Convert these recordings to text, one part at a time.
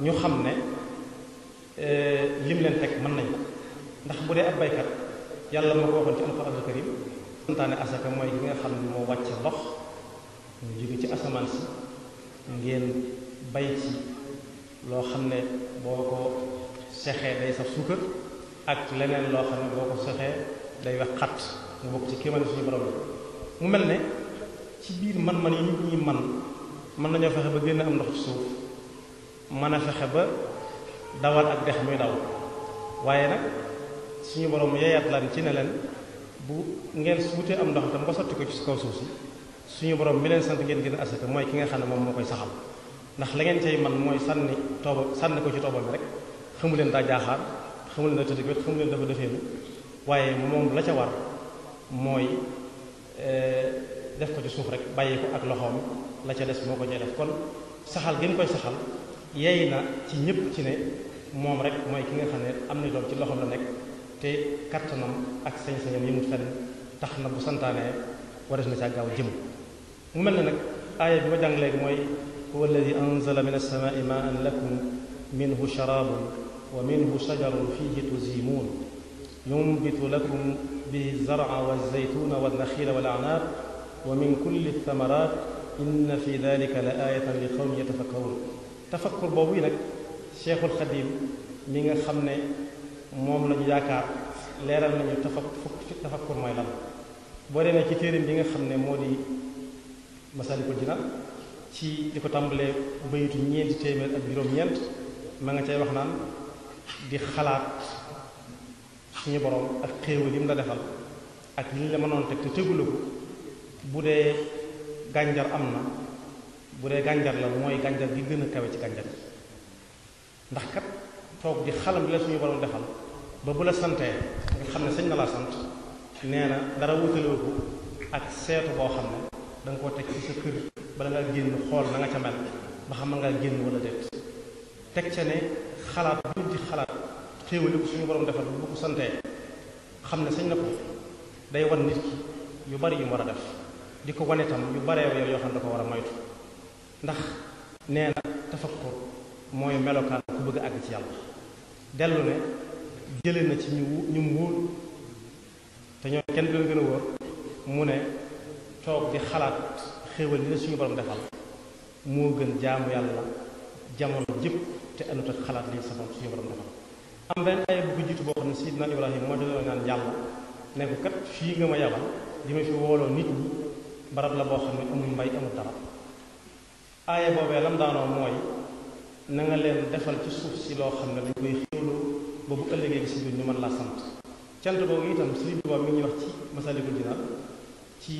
ñu xam ne lim leen teg mën nañ ko ndax bu dee ab baykat yàlla moo ko waxoon ci alquran al karim santaane asaka mooy gi nga xam ne moo wàcc ndox ñu jóge ci asamaan si ngeen bay ci loo xam ne boo ko sexee day sax suukar ak leneen loo xam ne boo ko sexee day wax xat mu bokk ci kéemaan suñu borom mu mel ne ci biir man-man yi nit ñi man mën nañoo fexe ba génn am ndox ci suuf mën a fexe ba dawal ak dex muy daw waaye nag suñu borom yeeyaat lan ci ne leen bu ngeen wutee am ndox tam ba sotti ko ci kaw suuf si suñu borom mi leen sant ngeen gën a asaka mooy ki nga xam ne moom moo koy saxal ndax la ngeen cay man mooy sànni tooba sànni ko ci tooba bi rek xamu leen daa jaaxaar xamu leen da tëdd wet xamu leen dafa defeenu waaye moom la ca war mooy eh, def ko ci suuf rek bàyyi ko ak loxoom la ca des moo ko cay def kon saxal gën koy saxal yey na ci ñëpp ci ne moom rek mooy ki nga xam ne am na doom ci loxom la nekk te kattanam ak sañ-sañam yi mu fenn tax na bu santaanee waras na caa gaaw jëm mu mel ne nag aaya bi ma jàng léegi mooy huwa alladi anzala min alsamaai maan lakum minhu sharabun wa minhu shajarun fihi tuzimun yumbitu lakum bihi zarca walzaytuna walnaxila walanab wa min kulli althamarat inna fi dalika la aayatan li yatafakkarun tafakkur boobu yi nag cheikhul xadim mi nga xam ne moom lañu yaakaar leeral nañu tafak tafakkur mooy lan boo demee ci téerim bi nga xam ne moo di Masaalikul Jinaan ci di ko tàmbalee bayitu ñeenti téeméer ak juróom-ñeent ma nga cay wax naan di xalaat suñu borom ak xéewal yi mu la defal ak li ñu la mënoon teg te tëggu ko bu dee gànjar am na bu dee gànjar la mooy gànjar gi gën a kawe ci gànjar ndax kat toog di xalam bi la suñu borom defal ba bu la santee nga xam ne sañ na laa sant nee na dara wutalewu ko ak seetu boo xam ne da koo teg ci sa kër bala ngaa génn xool na nga ca mel ba xam nga génn wala déet teg ca ne xalaat xalaat xéewali ko suñu borom defal bu santee xam ne sañ na ko day wan nit ki yu bari yu mu war a def di ko wane tam yu baree yoo xam ne da ko war a moytu ndax neena tafakkur moy melokan ku bëgg ag ci yalla delu ne jëlé na ci ñu ñu wóor té ñoo kenn du gëna gën mu ne toog di xalaat xéewal yi suñu borom defal mo gën jaamu yalla jamono jëpp té anut tak xalaat li sa borom suñu borom defal am ben ay bu jitu bo xamni sidna ibrahima moo doon naan yàlla ne ko kat fi nga ma yabal dima fi wolo nit ñi barab la bo xamni amu mbay amu dara aya boobee lam daanoo mooy na nga leen defal ci suuf si loo xam ne dañ koy xéwlu ba bu ëllëgee si biir ñu mën laa sant cant boobu itam Sëriñ Tuubaa mi ngi wax ci Masaalikul Jinaan ci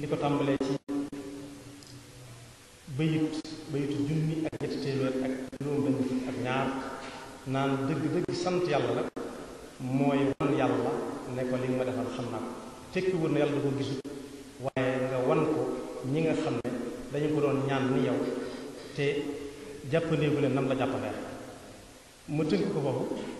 li ko tàmbalee ci bayit bayitu junni ak ñetti téeméer ak juróom benn fukk ak ñaar naan dëgg-dëgg sant yàlla nag mooy wan yàlla ne ko li nga ma defal xam naa ko tekki wër na yàlla da ko gisut waaye nga wan ko ñi nga xam dañu ko doon ñaan ni yow te jàppandeeku leen nam la jàppandee mu tënk ko foofu